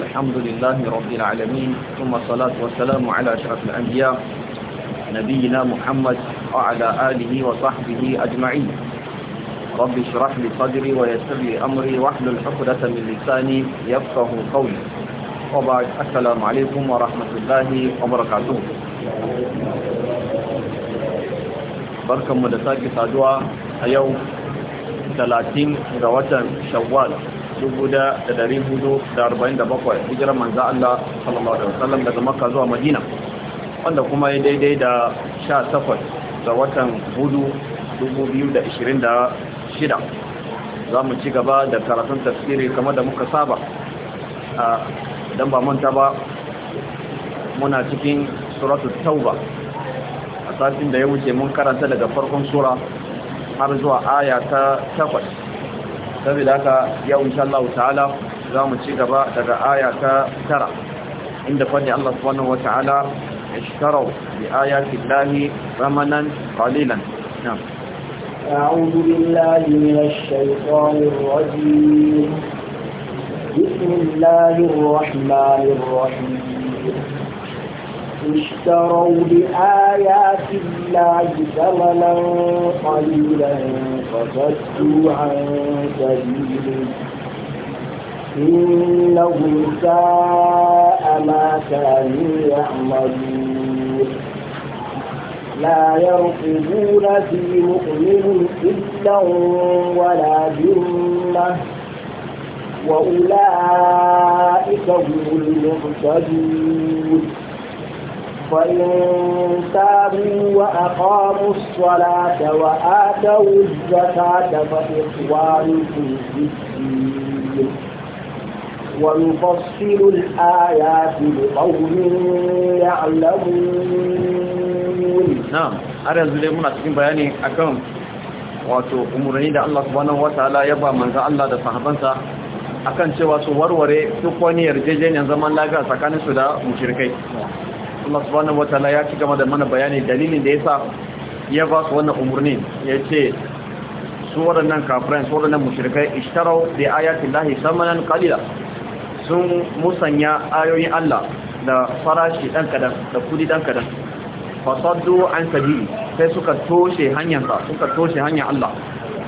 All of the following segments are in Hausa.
الحمد لله رب العالمين ثم الصلاة والسلام على أشرف الأنبياء نبينا محمد وعلى آله وصحبه أجمعين رب اشرح لي صدري ويسر لي أمري واحلل من لساني يفقه قولي وبعد السلام عليكم ورحمة الله وبركاته بركم مدساك سادوا اليوم 30 ga شوال 1447 hijirar manzo Allah sallallahu alaihi wasallam daga Makka zuwa Madina wanda kuma ya daidai da 18 ga watan hudu 2026 za mu ci gaba da karatun tafsiri kamar da muka saba idan ba manta ba muna cikin suratu tauba a satin da ya wuce mun karanta daga farkon sura har zuwa aya ta takwas saboda haka yau insha Allah ta'ala za mu ci gaba daga aya ta tara inda fanni Allah subhanahu wa ta'ala ishtaraw bi ayati Allahi thamanan qalilan na'am أعوذ بالله من الشيطان الرجيم بسم الله الرحمن الرحيم اشتروا بآيات الله ثمنا قليلا فصدوا عن سبيله إنه ساء ما كانوا يعملون لا يرقبون في مؤمن إلا ولا ذمة وأولئك هم المهتدون فإن تابوا وأقاموا الصلاة وآتوا الزكاة فإخوانكم في الدين ونفصل الآيات لقوم يعلمون نعم أرى الزليمون أتكين بياني أكام wato umarni da Allah subhanahu wataala ya ba manzo Allah da sahabansa akan cewa su warware duk wani yarjejeniyar zaman lafiya tsakaninsu da mushrikai Allah subhanahu wataala ya ci gaba da mana bayani dalilin da yasa ya ba su wannan umurni yace su waɗannan kafiran su waɗannan mushrikai ishtarau bi ayati llahi samanan qalila sun musanya ayoyin Allah da farashi dan kadan da kudi dan kadan fasaddu an sabili sai suka toshe hanyar sa suka toshe hanyar Allah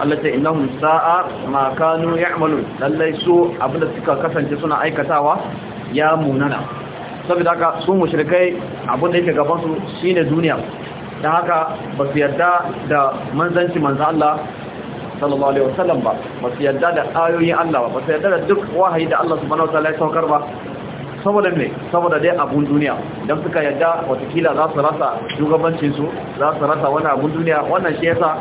Allah ta innahum sa'a ma kanu ya'malun lallai su abinda suka kasance suna aikatawa ya munana saboda haka su mushrikai abin da yake gaban su shine duniya dan haka ba su yarda da manzanci manzo Allah sallallahu alaihi wasallam ba ba su yarda da ayoyin Allah ba ba su yarda da duk wahayi da Allah subhanahu wataala ya saukar ba saboda me saboda dai abun duniya dan suka yarda watakila za su rasa shugabancin su za su rasa wani abun duniya wannan shi yasa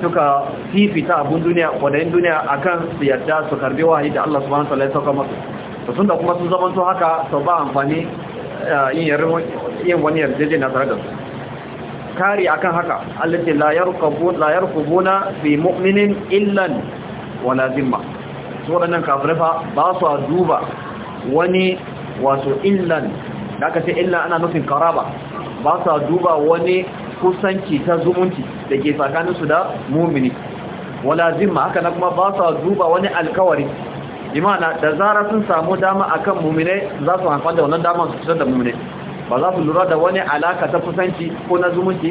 suka fifita abun duniya wadayin duniya akan su yarda su karbi wahayi da Allah subhanahu wataala ya saukar musu. to sun da kuma sun zama sun haka sau ba amfani eh, yin wani yarjeje na tare da su kari akan haka allace layar kubuna bi mu'minin illan wala zimma su waɗannan kafirfa ba su duba wani wato illan da aka ce illan ana nufin karaba ba su a duba wani kusanci ta zumunci da ke tsakaninsu da mumini wala zimma haka na kuma ba su a duba wani alkawari imana da zara sun samu dama akan mumine za su hanfa da wannan dama su fitar da mumine ba za su lura da wani alaka ta kusanci ko na zumunci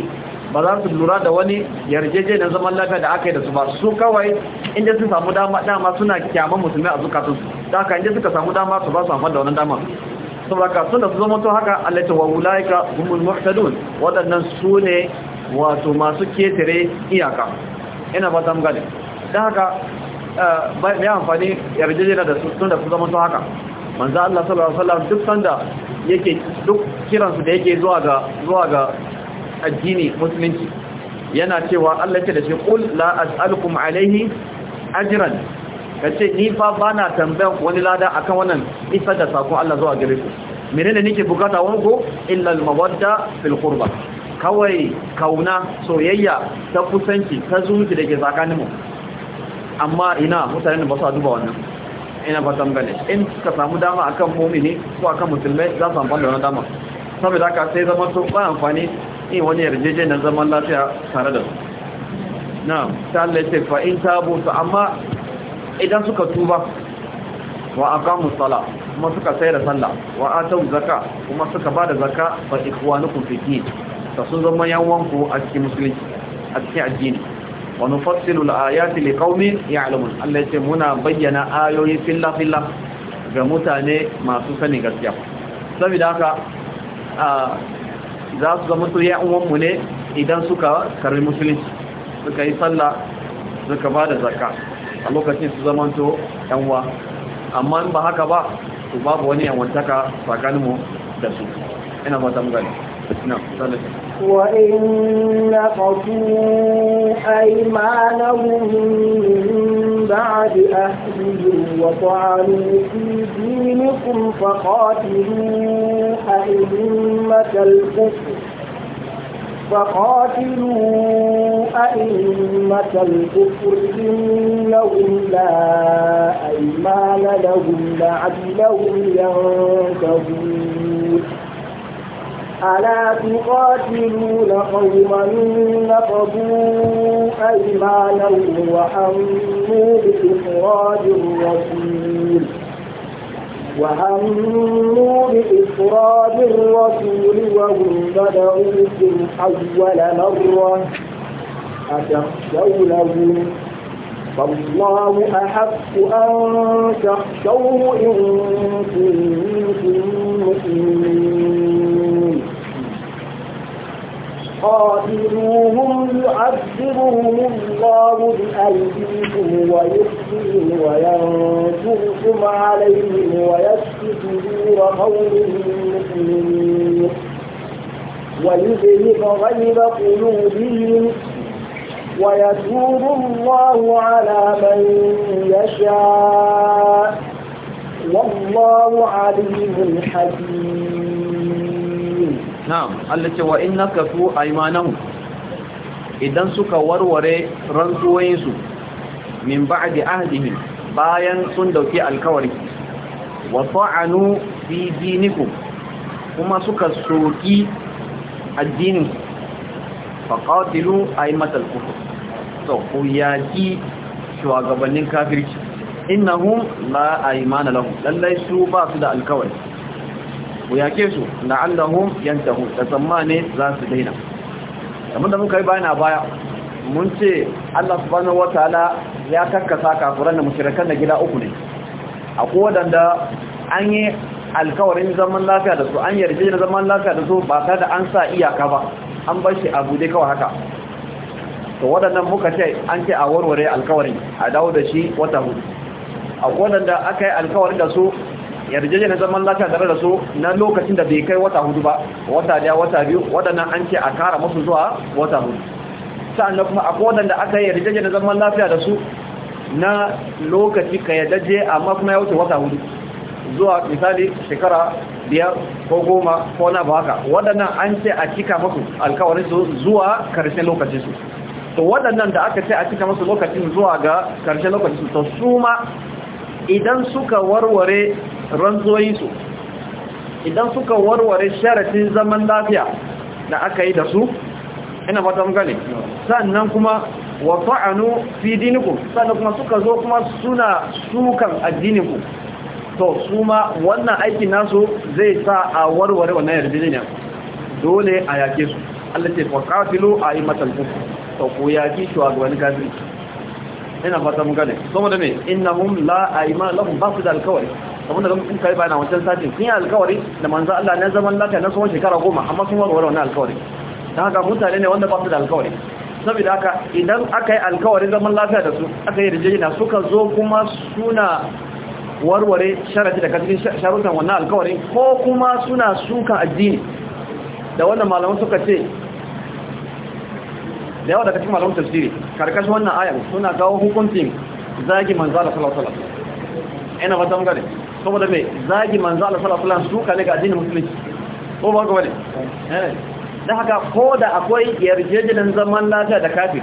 ba za su lura da wani yarjeje na zaman lafiya da aka yi da su ba su kawai inda sun samu dama dama suna kyaman musulmi a zukatun da haka inda suka samu dama su ba su hanfa da wannan dama saboda ka sun da su zama to haka allaita wa wulaika humul muhtadun waɗannan su ne wato masu ketare iyaka ina ba ta gane da haka mai amfani yarjejena da su tun da su su haka manzo Allah sallallahu alaihi wasallam duk sanda yake duk kiransu da yake zuwa ga zuwa ga addini musulunci yana cewa Allah ce da shi qul la as'alukum alaihi Ka ce ni fa bana tambayan wani lada akan wannan isa da sako Allah zuwa gare menene nake bukata wani ko Illal mawadda fil kurba kawai kauna soyayya ta kusanci ta zuci da ke tsakaninmu amma ina mutane da ba su duba wannan ina ba tambane in ka samu dama akan mumini ko akan musulmai za su amfani da wannan dama saboda haka sai zama to ba amfani in wani yarjejeniyar zaman lafiya tare da su na tallace fa in tabu to amma idan suka tuba wa aqamu sala kuma suka tsaya da sallah wa atu zakka kuma suka ba da zakka fa ikwanukum fi din ta sun zama yawan ku a cikin musulunci a cikin addini wa nufassilu al-ayati liqaumin ya'lamun Allah yace muna bayyana ayoyi filla filla ga mutane masu sani gaskiya saboda haka za su zama su ya'uwan mu ne idan suka karbi musulunci suka yi sallah suka ba da zakka a lokacin su zamanto yanwa amma ba haka ba su babu wani yawantaka tsakaninmu da su ina mata mu gani na sallah wa in أيمانهم من بعد أهلهم وطعنوا في دينكم فقاتلوا أئمة الكفر فقاتلوا أئمة الكفر إنهم لا أيمان لهم لعلهم ينتهون ألا تقاتلون قوما نقضوا أيمانا وهموا بإخراج الرسول وهموا بإخراج الرسول وهم بدعوكم أول مرة أتخشونهم فالله أحق أن تخشوه إن كنتم مؤمنين قاتلوهم يعذبهم الله بأيديكم ويخزيهم وينصركم عليهم ويشفي صدور قوم مؤمنين ويذهب غيظ قلوبهم ويتوب الله على من يشاء والله عليم حكيم na'am Allah ce wa in nakasu aymanahum idan suka warware rantsuwoyinsu min ba'di ahdihim bayan sun dauki alkawari wa ta'anu fi dinikum kuma suka soki addinin faqatilu aymatal kufr to ku shugabannin kafirci innahum la aymana lahum lallai su ba su da alkawari ku yake su la'allahum yantahu da tsammane za su daina kamar da muka yi bayana baya mun ce Allah subhanahu wataala ya kakkasa kafiran da mushrikan da gida uku ne akwai wadanda an yi alkawarin zaman lafiya da su an yarje na zaman lafiya da su ba tare da an sa iyaka ba an bar shi abu dai kawai haka to wadannan muka ce an ce a warware alkawarin a dawo da shi wata hudu a wadanda aka yi alkawarin da su yarjejeniyar zaman lafiya tare da su na lokacin da bai kai wata hudu ba wata daya wata biyu waɗannan an ce a kara musu zuwa wata hudu sa'annan kuma akwai waɗanda aka yi yarjejeniyar zaman lafiya da su na lokaci ka yadaje amma kuma ya wuce wata hudu zuwa misali shekara biyar ko goma ko na baka waɗannan an ce a cika musu alkawarin su zuwa karshen lokacin su to waɗannan da aka ce a cika musu lokacin zuwa ga karshen lokacin su to su ma idan suka warware su, idan suka warware sharatin zaman lafiya da aka yi da su ina ta gane sannan kuma wa fa'anu fi diniku sannan kuma suka zo kuma suna sukan addininku to su ma wannan aikin nasu zai sa a warware wannan yarjejeniya dole a yake su Allah ce fa a yi matalku to ku yaki gwani kafiri ina fata mu gane saboda me innahum la a'ima lahum basu da alkawari abinda zama sun kai na wancan satin sun yi alkawari da manzo Allah na zaman lafiya na tsawon shekara goma amma sun warware wani alkawari don haka mutane ne wanda ba su da alkawari saboda haka idan aka yi alkawari zaman lafiya da su aka yi rijiyar suka zo kuma suna warware sharafi da kasirin sharutan wannan alkawari. ko kuma suna suka addini da wannan malaman suka ce da yawa daga cikin malaman tafsiri karkashin wannan ayar suna kawo hukuncin zagi manzo da sallallahu alaihi wasallam ina fatan mugare saboda mai zagi manzo Allah sallallahu alaihi wasallam suka ne ga addinin musulunci ko ba wani eh dan haka ko da akwai yarjejenin zaman lafiya da kafir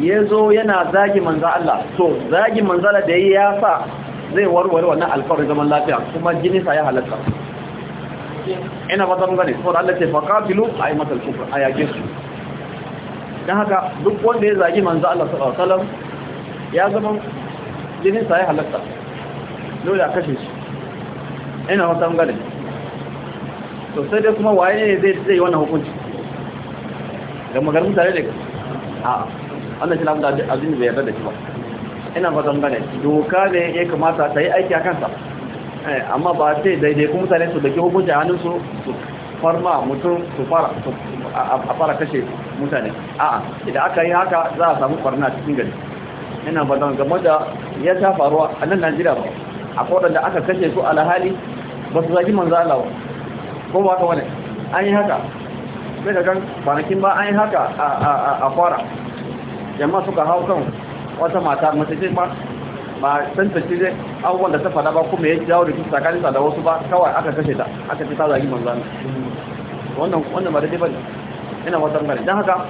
yazo yana zagi manzo Allah to zagi manzo Allah da ya sa zai warware wannan alfarin zaman lafiya kuma jini sa ya halatta ina fata mun gane saboda Allah ce faqatilu aymatul kufr aya su dan haka duk wanda ya zagi manzo Allah sallallahu alaihi wasallam ya zama jini sa ya halatta dole a kashe shi ina wasu an gane to sai dai kuma waye ne zai yi wannan hukunci ga magarin tare da a Allah shi lafiya da azin bai yarda da shi ba ina wasu an gane doka ne ya kamata ta yi aiki a kansa eh, amma ba sai daidai kuma mutane su dake hukunci a hannun su su farma mutum su fara a fara kashe mutane a'a idan aka yi haka za a samu kwarna cikin gari ina don game da ya ta faruwa a nan Najeriya ba a kodan da aka kashe su alhali ba su zagi manzo Allah ba ko ba haka wani an yi haka sai da kan kwanakin ba an yi haka a fara jama'a suka hau kan wata mata mace ce ba ba ta ce abubuwan da ta fada ba kuma ya jawo da su tsakanin da wasu ba kawai aka kashe ta aka ce ta zagi manzo Allah wannan wannan ba ba ne ina wata ngare dan haka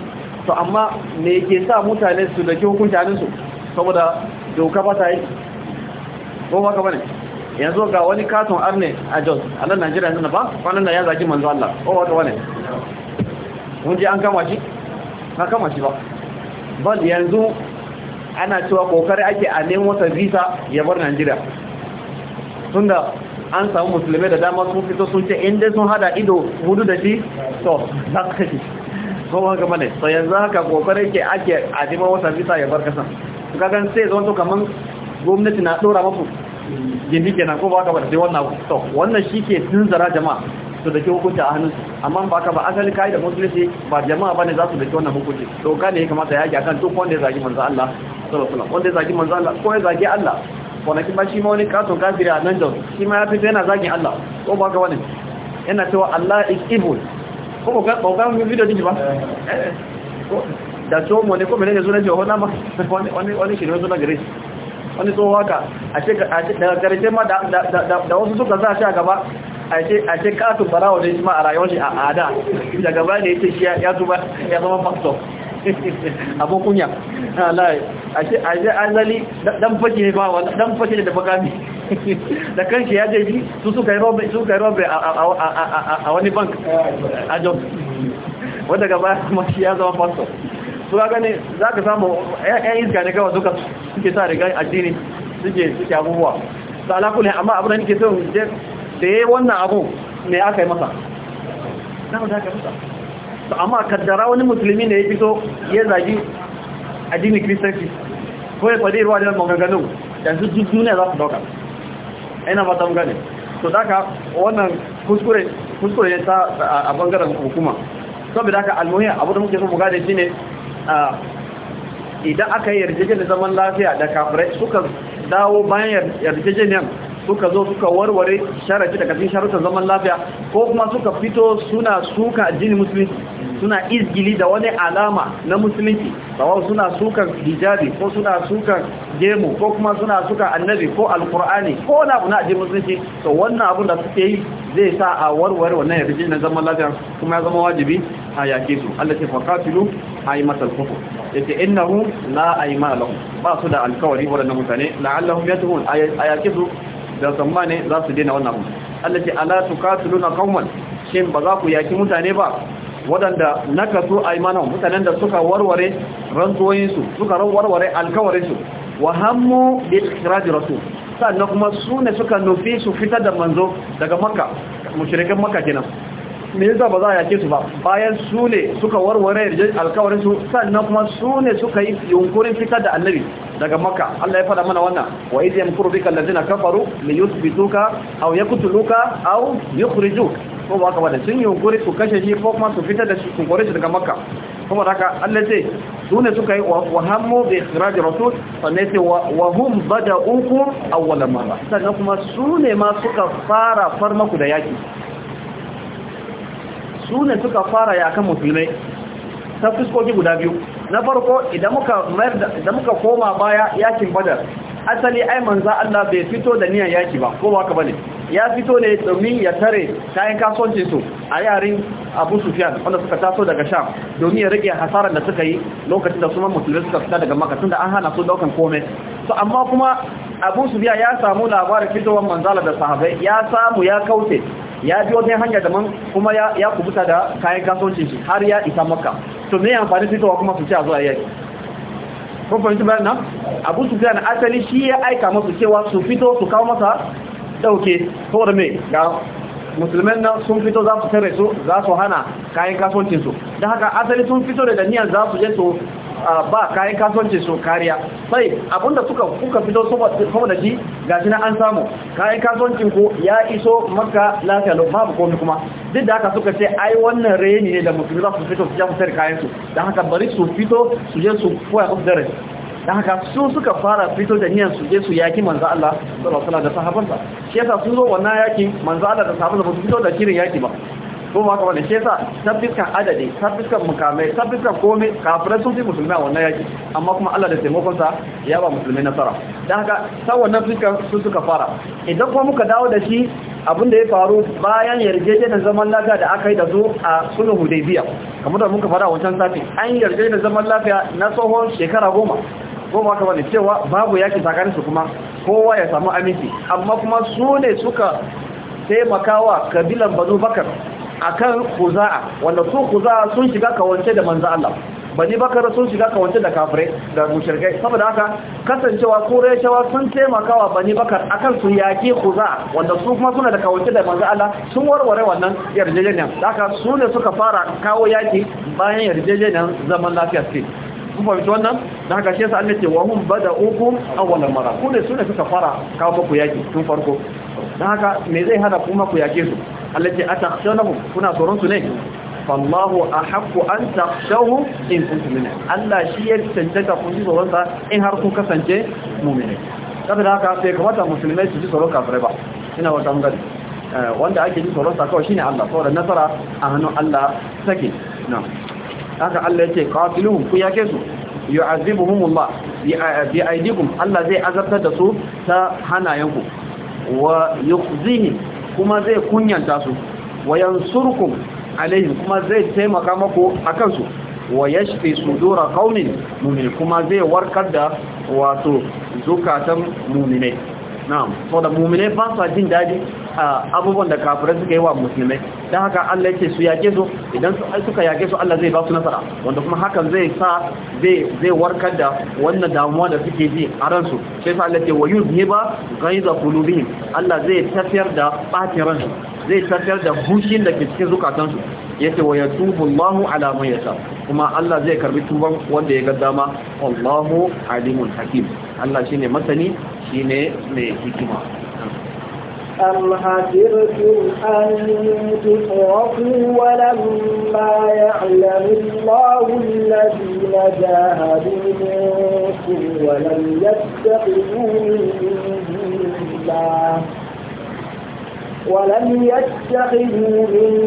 to amma me ke sa mutane su da ke hukunta su saboda doka ba ta yi ko ba ka bane yanzu ga wani katon arne a jos a nan najeriya yanzu na ba kwanan da ya zaki manzo Allah o wata wane mun je an kama shi na kama shi ba bal yanzu ana cewa kokari ake a nemo ta visa ya bar najeriya tun da an samu musulmai da dama sun fito sun ce inda sun hada ido hudu da shi to za ka shi ko haka bane to yanzu haka kokari ke ake a neman ta visa ya bar kasan kagan sai to kaman gwamnati na dora mafi gindi kenan ko ba ka ba sai wannan to wannan shike zara jama'a su dake hukunci a hannun amma ba ka ba asali kai da musulunci ba jama'a bane za su dake wannan hukunci to ka ne kamata yaki akan duk wanda ya zagi manzo Allah sallallahu alaihi wasallam wanda ya zagi manzo Allah ko ya zagi Allah wanda kin ba shi ma wani kato kafiri a nan da shi ma ya fita yana zagin Allah ko ba ka wani yana cewa Allah is evil ko ba ka ba mu video din ba da to mu ne ko menene ne zo na jiwa ma wani wani shi ne zo na gare shi wani tsoho waka a ce daga karshe ma da wasu suka za shi a gaba a ce katun barawa ne shi ma a rayuwar shi a ada daga baya da ya ce shi ya zama pastor abin kunya an zali dan fashe ne ba wani dan fashe da bakami da kanshi ya jeji su suka yi robe su suka yi robe a wani bank a jom wadda gaba mashi ya zama pastor su ga gane za ka samu yan iska ne kawai suka suke sa riga addini suke suke abubuwa da alakuli amma abu da nake son je da yi wannan abu ne aka yi masa na da aka masa to amma kaddara wani musulmi ne ya fito ya zagi addini kristanci ko ya faɗi ruwa da maganganu yanzu duk duniya za su dauka ina ba ta mugane to daga wannan kuskure kuskure ne ta a bangaren hukuma saboda haka almuhiya abu da muke so mu gane shine idan aka yi yarjejeniyar zaman lafiya da kafirai suka dawo bayan yarjejeniyar suka zo suka warware sharaci daga cikin sharutan zaman lafiya ko kuma suka fito suna suka jini musulunci suna izgili da wani alama na musulunci bawa suna sukan hijabi ko suna sukan gemu ko kuma suna sukan annabi ko alkur'ani ko wani abu na ajiyar musulunci to wannan abun da suke yi zai sa a warware wannan yarjejeniyar zaman lafiya kuma ya zama wajibi a yake su Allah ya fakatilu a yi masal kufur yace innahu la ayma ba su da alkawari waɗannan mutane la'allahum yatuhun ayakisu da tsammane za su dena wannan abu allati ala tuqatiluna qauman shin ba za ku yaki mutane ba waɗanda nakasu aymanahum mutanen da suka warware su suka warware su, wa hammu bi ikhraj rasul sannan kuma su ne suka nufi su fitar da manzo daga makka mushrikan makka kenan me yasa ba za a yake su ba bayan su ne suka warware yarjejin alkawarin su sannan kuma su ne suka yi yunkurin fitar da annabi daga makka Allah ya faɗa mana wannan wa idh yamkuru bika allazina kafaru li yuthbituka aw yaqtuluka aw yukhrijuk ko ba ka wannan sun yunkuri su kashe shi ko kuma su fitar da shi su gore shi daga makka kuma haka Allah ya ce su ne suka yi wa hammu bi ikhraj rasul sannan ce wa hum bada'ukum awwala marra sannan kuma su ne ma suka fara farmaku da yaki su suka fara yakan musulmai ta fuskoki guda biyu na farko idan muka idan muka koma baya yakin badar asali ai manza Allah bai fito da niyan yaki ba ko ba ka bane ya fito ne domin ya tare kayan kasuwancin su a yarin Abu Sufyan wanda suka taso daga Sham domin ya rike hasaran da suka yi lokacin da suma musulmai suka fita daga Makka tunda an hana su daukan komai to amma kuma Abu Sufyan ya samu labarin fitowar manzala da sahabbai ya samu ya kaute. ya ji wata hanya da man kuma ya kubuta da kayan kasuwancin shi har ya isa makka to me amfani sai kuma su ce a zuwa yaki kun fahimci bayan abu su asali shi ya aika masu cewa su fito su kawo masa dauke da me ga musulman nan sun fito za su tare su za su hana kayan su dan haka asali sun fito da niyan za su je su ba kayan kasuwanci su kariya sai abinda suka kuka fito saboda da shi ga shi na an samu kayan kasuwancin ku ya iso maka lafiya lau babu komi kuma duk da haka suka ce ai wannan reni ne da musulmi za su fito su ja musayar kayan su da haka bari su fito su je su koya su dare don haka su suka fara fito da niyan su je su yaki manzo Allah sallallahu alaihi wasallam da sahabbansa shi yasa sun zo wannan yaki manzo Allah da sahabbansa ba su fito da kirin yaki ba ko ma kamar da ke sa tabbiskan adadi tabbiskan mukamai tabbiskan komai kafirai sun fi musulmi a wannan yaki amma kuma Allah da taimakon sa ya ba musulmi nasara dan haka sai wannan fiskan su suka fara idan kuma muka dawo da shi abin da ya faru bayan yarjejeniyar zaman lafiya da aka yi da su a sulhu hudaybiya kamar da muka fara wancan sati an yarjejeniyar zaman lafiya na tsohon shekara goma goma ka bane cewa babu yaki tsakanin su kuma kowa ya samu aminci amma kuma su ne suka taimaka wa kabilan banu bakar akan Khuza'a wanda su Khuza'a sun shiga kawance da manzo Allah bani bakar sun shiga kawance da kafirai da mushrikai saboda haka kasancewa qurayshawa sun taimakawa bani bakar akan su yaki khuza wanda su kuma suna da kawance da manzo Allah sun warware wannan yarjejeniya haka su ne suka fara kawo yaki bayan yarjejeniyar zaman lafiya ce kun fahimci wannan da haka shi yasa Allah ce wa hum bada'ukum awwalan mara ku ne sune suka fara ba ku yaki tun farko da haka me zai hada kuma ku yake su Allah ce atakhshawhum kuna tsoron su ne fallahu ahaqqu an takhshawhu in kuntum mu'minin Allah shi ya tantaka kun ji tsoron sa in har ku kasance mu'mini da haka sai kamata musulmai su ji tsoron kafirai ba ina wata mugari eh, wanda ake ji tsoron sa kawai shine Allah saboda nasara a hannun Allah take na'am haka Allah yake qatiluhum ku yake su yu'azibuhumullah bi eh, aidikum Allah zai azabtar da su ta hanayenku wa yukhzihim kuma zai kunyanta su wa yansurkum alaihim kuma zai taimaka maku akan su wa yashfi sudura qaumin mu'min kuma zai warkar da wato zukatan mu'mine na'am da mu'mine ba sa jin dadi abubuwan da kafirai suka yi wa musulmai don haka Allah ce su yake su idan suka yake su Allah zai ba su nasara wanda kuma hakan zai sa zai warkar da wannan damuwa da suke ji a ransu sai sa Allah ce wa yi yuzhiba ghaiza qulubihim Allah zai tafiyar da bacin ransu zai tafiyar da hushin da ke cikin zukatansu ce wa tubu Allahu ala man kuma Allah zai karbi tuban wanda ya ga dama Allahu alimun hakim Allah shine masani shine mai hikima أم حسبتم أن تتركوا ولما يعلم الله الذين جاهدوا منكم ولم يتخذوا من دون الله ولم يتخذوا من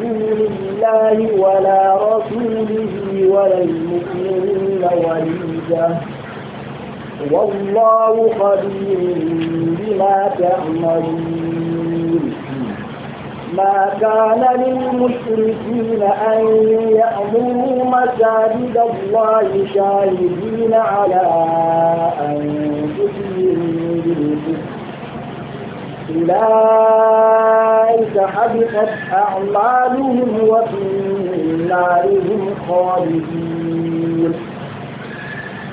دون الله ولا رسوله ولا المؤمنين وليده والله خبير بما تعملون ما كان للمشركين أن يأمروا مساجد الله شاهدين على أنفسهم بالكفر أولئك حبطت أعمالهم وفي النار هم خالدون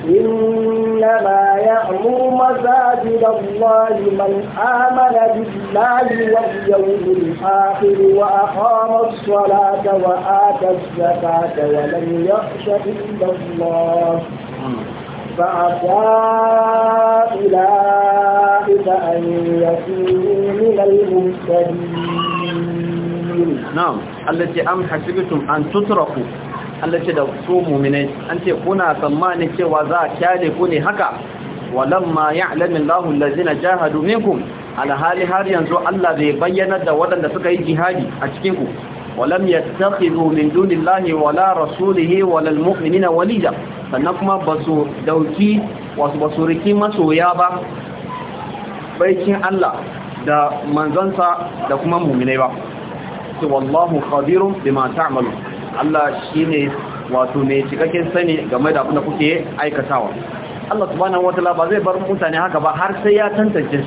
إنما يأمر مساجد الله من آمن بالله واليوم الآخر وأقام الصلاة وآتى الزكاة ولم يخش إلا الله فعسى أولئك أن يكونوا من المهتدين نعم التي أم حسبتم أن تتركوا Allah ce da su mu'minai an ce kuna tsammani cewa za a kyale ku ne haka walamma ya'lamu Allahu allazina jahadu minkum alhali har yanzu Allah bai bayyana da waɗanda suka yi jihadi a cikin ku walam yattakhidhu min dunillahi wala rasulihi wala almu'minina walija sannan kuma basu dauki wasu basu riki masoya ba baikin Allah da manzansa da kuma mu'minai ba to wallahu khabirun bima ta'malun Allah shi ne wato mai cikakken sani game da abin da kuke aikatawa Allah subhanahu wataala ba zai bar mutane haka ba har sai ya tantance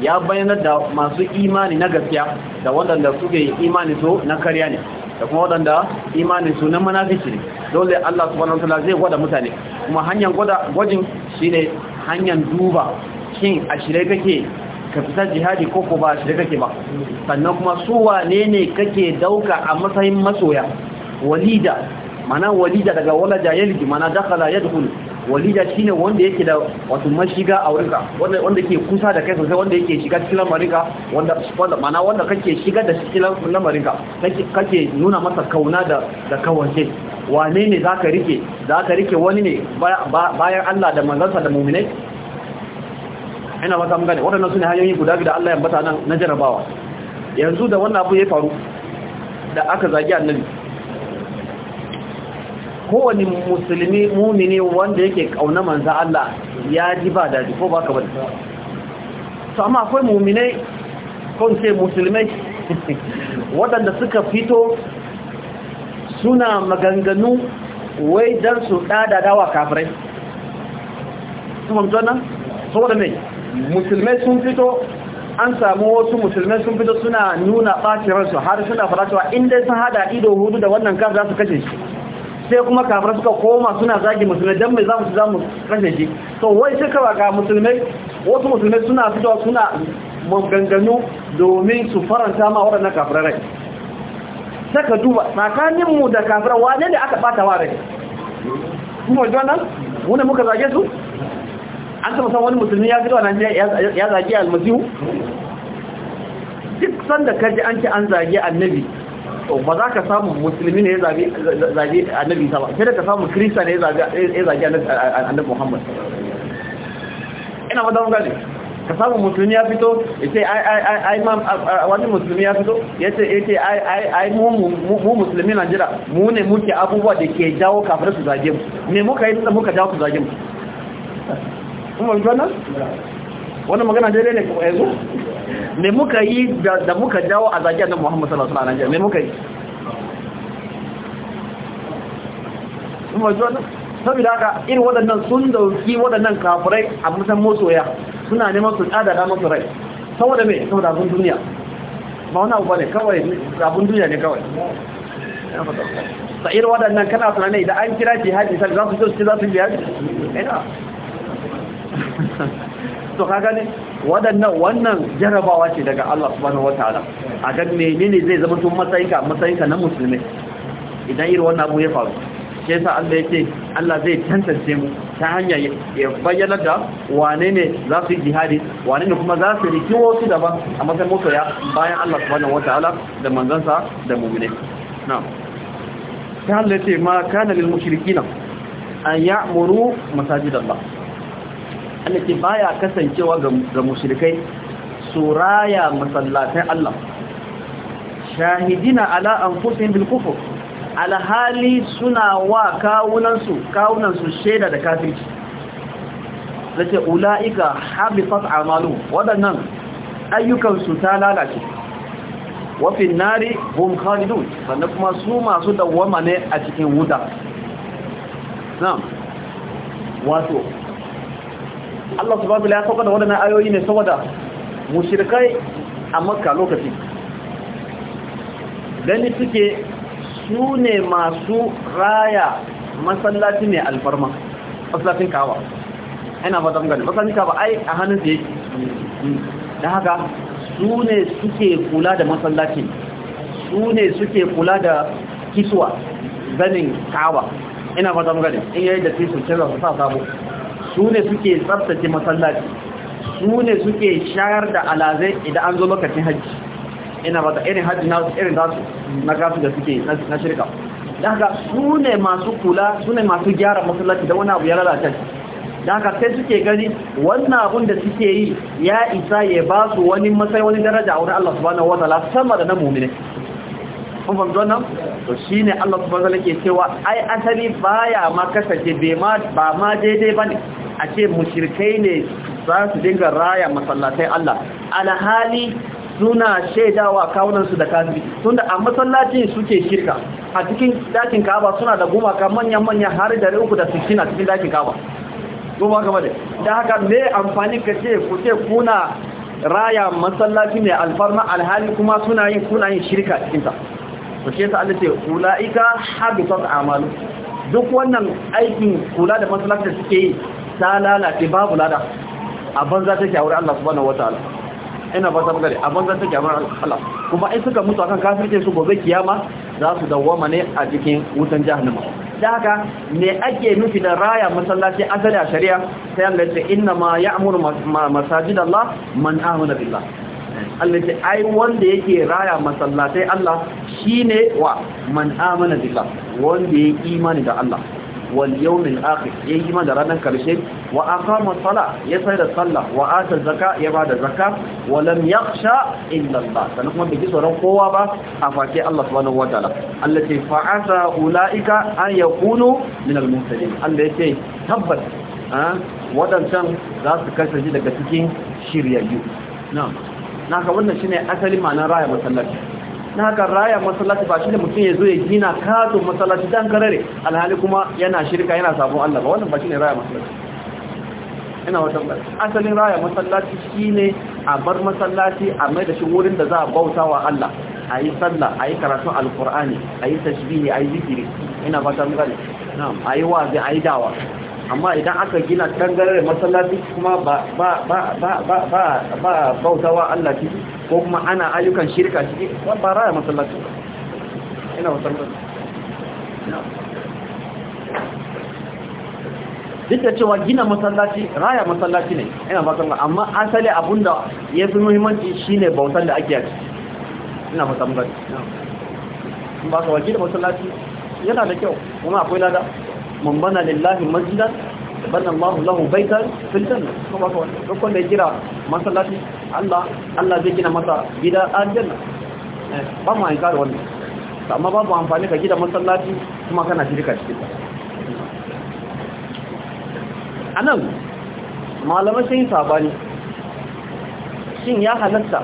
ya bayyana da masu imani na gaskiya da waɗanda suke imani so na karya ne da kuma waɗanda imani so na munafici ne dole Allah subhanahu wataala zai gwada mutane kuma hanyar gwada gwajin shine hanyar duba shin a shirye kake ka fitar jihadi ko ko ba a shirye kake ba sannan kuma su wane ne kake dauka a matsayin masoya walida mana walida daga walaja yalji mana dakala yadkhul walida shine wanda yake da wato mashiga a wurinka wanda wanda yake kusa da kai sosai wanda yake shiga cikin lamarinka wanda wanda mana wanda kake shiga da cikin lamarinka kake kake nuna masa kauna da da kawance wane ne zaka rike zaka rike wani ne bayan Allah da manzansa da mu'minai ina mata mun gane waɗannan sune hanyoyi guda biyu da Allah ya ambata nan na jarabawa yanzu da wannan abu ya faru da aka zagi annabi kowane musulmi mumini wanda yake kauna manza Allah ya ji ba daɗi ko ka ba to amma akwai muminai ko ce musulmai waɗanda suka fito suna maganganu wai don su ɗada dawa kafirai kuma mutana saboda mai musulmai sun fito an samu wasu musulmai sun fito suna nuna ɓacin ransu har suna fara cewa inda sun hada ido hudu da wannan kafin za su kashe shi sai kuma kafar suka koma suna zagi musulmai don mai za mu kashe shi to wai suka baka musulmai wasu musulmai suna fito suna maganganu domin su faranta ma waɗannan rai? saka duba tsakaninmu da kafar wane da aka ɓata wa rai kuma wajen wannan wanda muka zage su an sama san wani musulmi ya fito a ya zage almasihu duk sanda kaji an ci an zage annabi ba za ka samu musulmi ne ya zage annabi isa ba sai da ka samu kirista ne ya zage annabi muhammad ina ma damu gani ka samu musulmi ya fito ya ce ai wani musulmi ya fito ya ce ya ce ai mu musulmi najira mu ne muke abubuwa da ke jawo kafin su zage mu me muka yi da muka jawo su zage mu kuma wani magana daidai ne yanzu me muka yi da muka jawo a zagiyar na muhammadu sallallahu alaihi wasallam me muka yi saboda haka irin waɗannan sun dauki waɗannan kafirai a musan motoya suna neman su tsada da masu rai saboda mai saboda abin duniya ba wani abu ne kawai abin duniya ne kawai sa'ir waɗannan kana tunanin idan an kira jihadi sai za su ce za su jihadi ina to ka ne waɗannan wannan jarabawa ce daga Allah subhanahu wataala a ga menene zai zama tun masayinka matsayinka na musulmi idan irin wannan abu ya faru sai sa Allah yake Allah zai tantance mu ta hanya ya bayyana da wane ne za su jihadi wane ne kuma za su riki wasu daban a matsayin motoya bayan Allah subhanahu wataala da manzansa da mu'mini na'am ta Allah yake ma kana lil mushrikina an ya'muru masajidallah Allah ce baya kasancewa ga mushrikai suraya masallatai Allah shahidina ala anfusihim bil alhali suna wa kawunansu kawunansu shaida da kafirci zace ulaika habitat amalu wadannan ayyukansu ta lalace wafin nari hum khalidun sannan kuma su masu dawwama ne a cikin wuta na'am wato Allah subhanahu ya saukar da waɗannan ayoyi ne saboda mushrikai a makka lokaci gani suke su ne masu raya masallaci ne alfarma masallacin kawa ina ba don gani masallacin kawa ai a hannun su yake da haka su ne suke kula da masallaci su ne suke kula da kisuwa zanin kawa ina ba don gani in yayi da su canza su sa sabo su ne suke tsabtace masallaci su ne suke shayar da alazai idan an zo lokacin hajji ina ba da irin hajji na irin nasu na gasu da suke na shirka da haka su ne masu kula su ne masu gyara masallaci da wani abu ya lalata da haka sai suke gani wannan abun da suke yi ya isa ya ba su wani matsayi wani daraja a wurin Allah subhanahu wa ta'ala sama da na mu'mini kun fahimci wannan to shine Allah subhanahu wataala ke cewa ai asali baya ma kasance be ma ba ma daidai bane a ce mushrikai ne za su dinga raya masallatai Allah alhali suna shaidawa su da kafiri tunda a masallacin suke shirka a cikin dakin kaba suna da gumaka manya-manya har da uku da sittin a cikin dakin kaba goma ga bade da haka me amfani ka ce ku ce kuna raya masallaci mai alfarma alhali kuma suna yin kuna yin shirka ta. to shi yasa Allah ce ulaika habitat a'malu duk wannan aikin kula da masalaka da suke yi ta lalace babu lada a banza take kyawar Allah subhanahu wataala ina ba ta bugare a banza take kyawar Allah kuma in suka mutu akan kafirce su gobe kiyama za su dawwama ne a cikin wutan jahannama da haka me ake nufi da raya masallaci asali a shari'a sai Allah ya ce inna ma ya'muru masajidallah man amana billah Allah ce ai wanda yake raya masallatai Allah shine wa man amana billah wanda yake imani da Allah wal yawmil akhir yayi imani da ranar karshe wa aqama ya sai da sallah wa ata ya ba da zakka wa lam yakhsha illa Allah kuma bai tsoron kowa ba a fake Allah subhanahu wataala Allah ce fa asa ulaika an yakunu min al muhtadin Allah yace tabbas ah, waɗancan za su kasance daga cikin shiryayyu na'am na haka wannan shine asalin ma'anar raya masallaci na haka raya masallaci ba shine mutum ya zo ya gina kato masallaci dan karare alhali kuma yana shirka yana sabon Allah ba wannan ba shine raya masallaci ina wata asalin raya masallaci shine a bar masallaci a mai da shi wurin da za a bauta wa Allah a yi sallah a yi karatun alkur'ani a yi tashbihi a yi zikiri ina fata mu gani na'am a yi wazi a yi dawa amma idan aka gina tangarar masallaci kuma ba ba ba ba ba ba bautawa Allah ciki ko kuma ana ayyukan shirka ciki ba raya masallaci ina masallaci duk da cewa gina masallaci raya masallaci ne ina fatan amma asali abunda ya fi muhimmanci shi ne bautan da ake yi ina fatan ba ba ka wajen masallaci yana da kyau kuma akwai lada man bana lillahi masjidan bana Allah lahu baitan fil janna kuma ko duk wanda ya kira masallaci Allah Allah zai gina masa gida a janna ba mu aika da wannan amma babu amfani ka gida masallaci kuma kana shirka cikin nan, malamai sai sabani shin ya halatta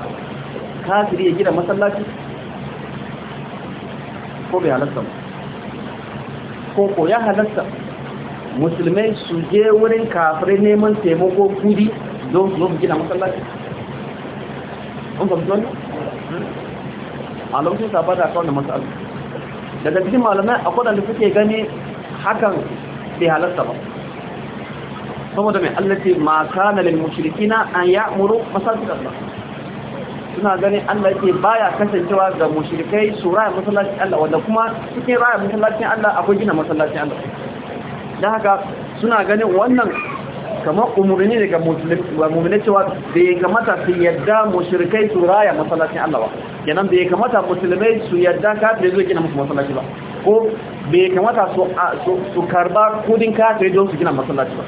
kafiri ya gida masallaci ko bai halatta ba koko ya halatta musulmai su je wurin kafirai neman taimako kudi don su gina masallaci an fahimci wani a lokacin saba da kawai da matsala daga cikin malamai akwai da suke gani hakan bai halatta ba saboda mai allace ma kana lil mushrikina an ya'muru masajid Allah suna ganin Allah yake baya kasancewa ga mushrikai su raya masallacin Allah wanda kuma cikin raya masallacin Allah akwai gina masallacin Allah Da haka suna ganin wannan kamar umarni ne ga mu'mini cewa ya kamata su yadda mushrikai su raya masallacin Allah ba da ya kamata musulmai su yadda kafin zai gina musu masallaci ba ko da ya kamata su su karba kudin kafir don su gina masallaci ba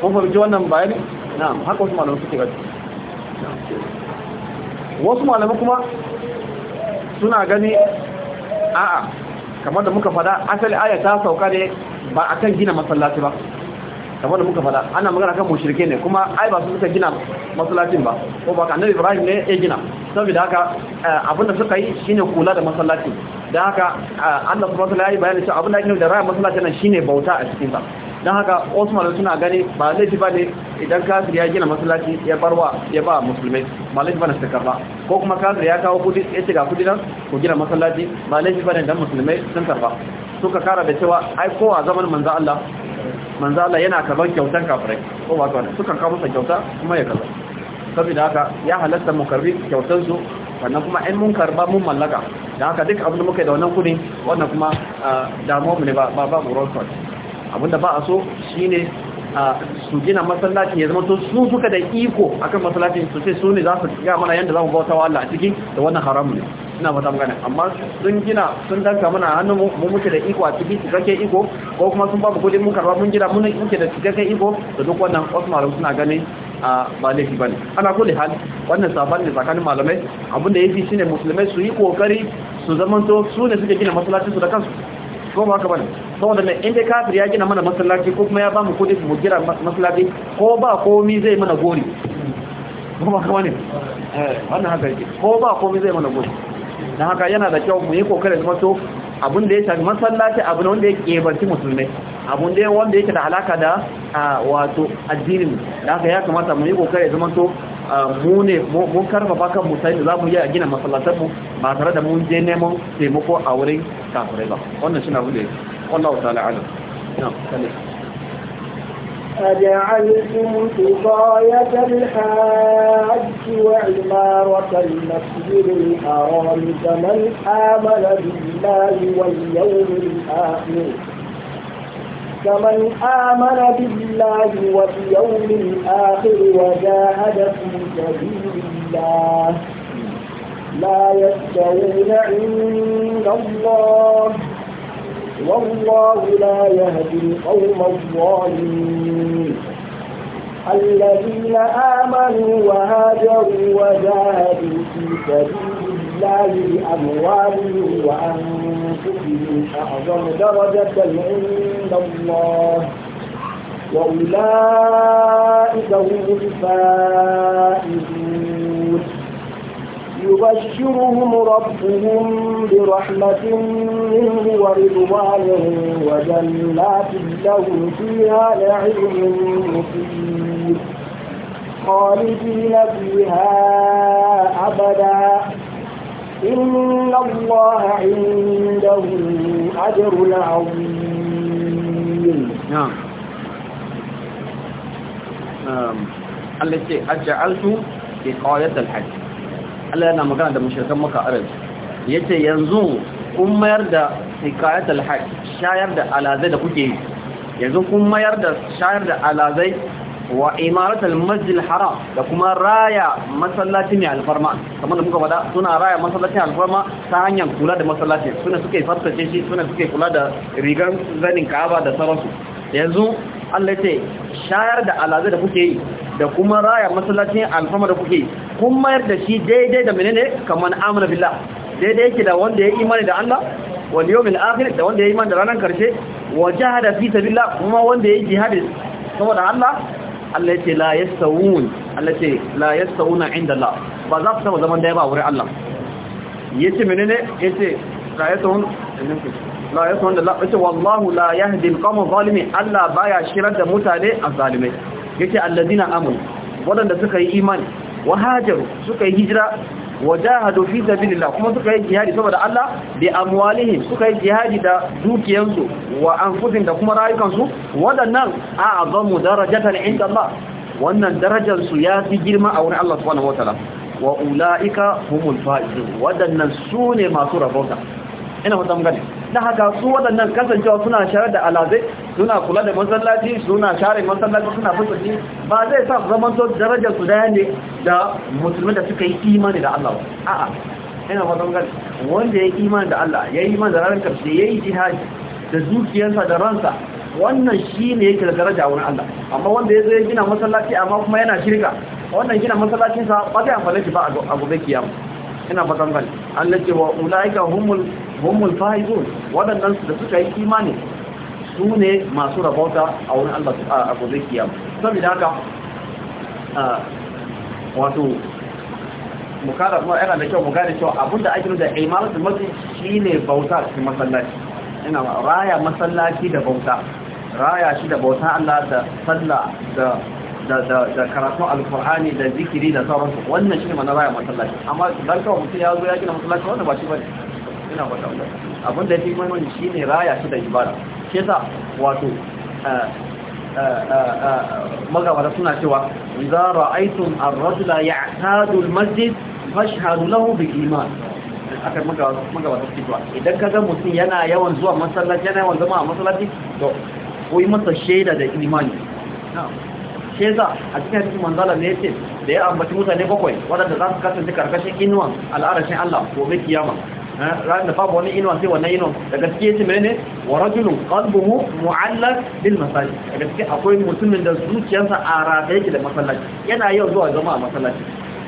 kun fahimci wannan bayani na'am haka wasu malamai suke gaji wasu malamai kuma suna gani a'a kamar da muka fada asali aya ta sauka ne ba a kan gina masallaci ba kamar da muka fada ana magana kan mushirke ne kuma ai ba su suka gina masallacin ba ko ba kan Ibrahim ne ya gina saboda haka eh, da suka yi shine kula da masallaci dan haka eh, Allah subhanahu wa ta'ala ya bayani cewa da yake da rayar masallacin nan shine bauta a cikin sa dan haka Osman suna gani ba laifi ba ne idan kafir ya gina masallaci ya barwa ya ba musulmai ba laifi bane su karba ko kuma kafir ya kawo kudi ya shiga kudi nan ko gina masallaci ba laifi bane dan musulmai sun karba suka kara da cewa ai a zaman manzo Allah manzo Allah yana karban kyautan kafirai ko ba kawai suka kawo masa kyauta kuma ya karba saboda haka ya halatta mu karbi kyautan su wannan kuma in mun karba mun mallaka da haka duk abin da muka da wannan kudin wannan kuma ah, damuwa mu ne ba ba ba mu abinda ba a so shine su gina masallacin ya zama su suka da iko akan masallacin su sai su ne za su ga mana yanda za mu bauta wa Allah a cikin da wannan haramu ne ina fata magana amma sun gina sun danka mana hannun mu muke da iko a cikin cikakken iko ko kuma sun ba mu kudin mun karba mun gina mun muke da cikakken iko da duk wannan wasu malamai suna ganin a ba laifi bane ana kulli hal wannan saban ne tsakanin malamai abin da yafi shine musulmai su yi kokari su zamanto su ne suke gina masallacin su da kansu ko ba haka bane saboda mai inda kafir ya gina mana masallaci ko kuma ya ba mu kudi mu gira masallaci ko ba komi zai mana gori kuma kama ne eh, wannan haka yake ko ba komi zai mana gori don haka yana da kyau mu yi zama mato abin da ya shafi masallaci abin wanda ya kebanci musulmai abin da wanda yake da alaka da wato addinin da haka ya kamata mu yi kokarin zama to mu ne mun karfafa kan mu sai da zamu yi gina masallatanmu ba tare da mun je neman taimako a wurin kafirai ba wannan shi na bude والله تعالى أعلم نعم أجعلتم سقاية الحاج وعمارة المسجد الحرام كمن آمن بالله واليوم الآخر كمن آمن بالله واليوم الآخر وجاهد في سبيل الله لا يستوون عند الله والله لا يهدي القوم الظالمين الذين آمنوا وهاجروا وجاهدوا في سبيل الله بأموالهم وأنفسهم أعظم درجة عند الله وأولئك هم الفائزون يبشرهم ربهم برحمة منه ورضوان وجنات لهم فيها نعيم مقيم خالدين فيها أبدا إن الله عنده أجر عظيم نعم التي يقول أجعلت إقاية الحج Allah yana magana da mushirkan maka Arab yace yanzu kun mayar da hikayat al-haq shayar da alazai da kuke yi yanzu kun mayar da shayar da alazai wa imarat al haram da kuma raya masallaci mai alfarma kamar da muka faɗa suna raya masalaci alfarma ta hanyar kula da masallaci suna suke fasace shi suna suke kula da rigan zanin Ka'aba da sauransu yanzu Allah ya shayar da alazai da kuke yi da kuma raya masallacin alfama da kuke kun mayar da shi daidai da menene kamar amana billah daidai yake da wanda ya imani da Allah wal yawmil akhir da wanda ya imani da ranar karshe wa jahada fi sabilillah kuma wanda ya jihadi saboda Allah Allah yace la yastawun Allah yace la yastawuna inda Allah ba za ku saba zaman da ya ba wurin Allah yace menene yace la yastawun la yastawun da Allah yace wallahu la yahdi al-qawm zalimin Allah baya shirar da mutane azzalimai yake alladina amanu wadanda suka yi imani wa hajaru suka yi hijira wajahadu fi sabilillah kuma suka yi jihadi saboda Allah bi amwalihim suka yi jihadi da dukiyansu wa anfusihim da kuma rayukansu wadannan a'zamu darajatan inda Allah wannan darajar su ya fi girma a wurin Allah subhanahu wataala wa ulaika humul faizun wadannan sune masu rabota ina mutum gani na haka su waɗannan kasancewa suna share da alazai suna kula da masallaci suna share masallaci suna fitaci ba zai sa su to darajar su daya ne da musulmi da suka yi imani da Allah a'a ina mutum gani wanda ya yi imani da Allah ya yi imani da ranar karshe ya yi jihadi da zuciyarsa da ransa wannan shi ne yake da daraja wani Allah amma wanda ya zai gina masallaci amma kuma yana shirka wannan gina masallacinsa ba zai amfani shi ba a gobe kiyama ina fatan gani an lace wa ulaika humul humul faizun waɗannan su da suka yi imani su ne masu rabauta a wurin Allah a gobe kiyama saboda haka wato mu kuma yana da kyau mu gane cewa abinda ake nuna imaratul masjid shine bauta cikin masallaci ina raya masallaci da bauta raya shi da bauta Allah da sallah da da da da karatu alqur'ani da zikiri da sauransu wannan shine mana raya masallaci amma dan kawai mutum ya zo ya gina masallaci wannan ba shi bane ina wata abin da ya fi mahimmanci shine raya shi da ibada shi yasa wato eh, eh, eh, magabata suna cewa idza ra'aytum ar-rajula ya'tadu al-masjid fashhadu lahu bil iman akan magabata suke cewa idan kaga mutum yana yawan zuwa masallaci yana yawan zama a masallaci to koyi masa shaida da imani sheza a cikin cikin manzala ne yace da ya ambaci mutane bakwai wadanda za su kasance karkashin inuwan al'arashin Allah gobe kiyama ranar da babu wani inuwa sai wannan inuwa da cikin yace menene wa rajulun qalbuhu mu'allaq bil masajid da cikin akwai mutumin da zuciyarsa a rafe yake da masallaci yana yau zuwa zama a masallaci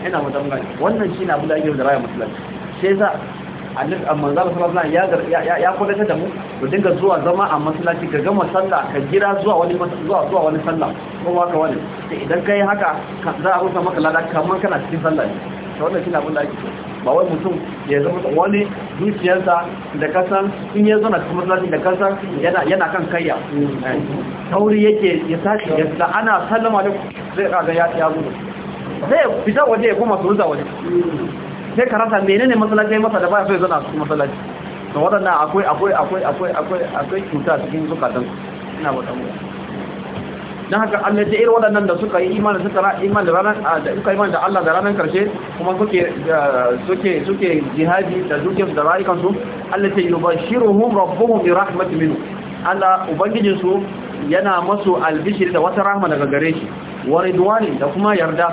yana mutum gani wannan shi abu da yau da raya masallaci sai za annabi amma za mu sallallahu alaihi wasallam ya ya ta da mu mu dinga zuwa zama a masallaci ka gama sallah ka jira zuwa wani zuwa zuwa wani sallah ko haka wani sai idan kai haka za a rusa maka lada kamar kana cikin sallah ne to wannan shi na da yake ba wani mutum ya zama wani zuciyarsa da kasan in ya zana kamar zafi da kasan yana kan kayya tauri yake ya ya yadda ana sallama da zai kaga ya ya gudu zai fita waje ya koma suruza waje sai karanta menene masallaci masa da baya so ya zana su masallaci da waɗannan akwai akwai akwai akwai akwai akwai cuta cikin zukatan ina ba ta dan haka Allah irin waɗannan da suka yi imani suka ra da ranar da suka iman da Allah da ranar karshe kuma suke suke suke jihadi da dukiyar da rayukan su Allah ya yubashiruhum rabbuhum bi rahmatin minhu Allah ubangijin su yana masu albishir da wata rahma daga gare shi wa ridwani da kuma yarda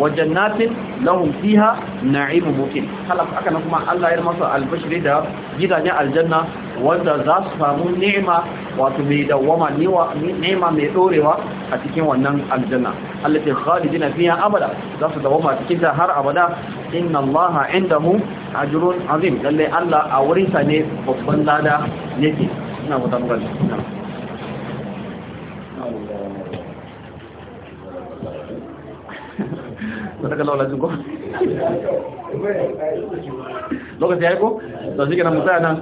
wa jannatin lahum fiha na'imun mukin halaf aka na kuma Allah ya masa albishir da gidajen aljanna wanda za su samu ni'ima wato mai dawama nema mai dorewa a cikin wannan aljanna allati khalidina fiha abada za su dawama cikin ta har abada inna allaha indahu ajrun azim lalle allah a wurin sa ne babban lada yake ina fata muka Allah lokaci ya ko to shi kenan musaya nan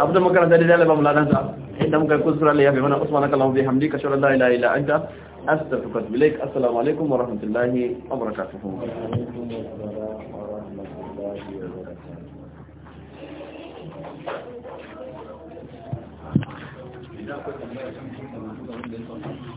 abin makaranta da dalibar muladansa inda muka kusura la yafi mana usman kallahu bi hamdi ka shawara la ilaha illa anta astaghfiruka wa ilaik assalamu alaikum wa rahmatullahi wa barakatuh Thank you.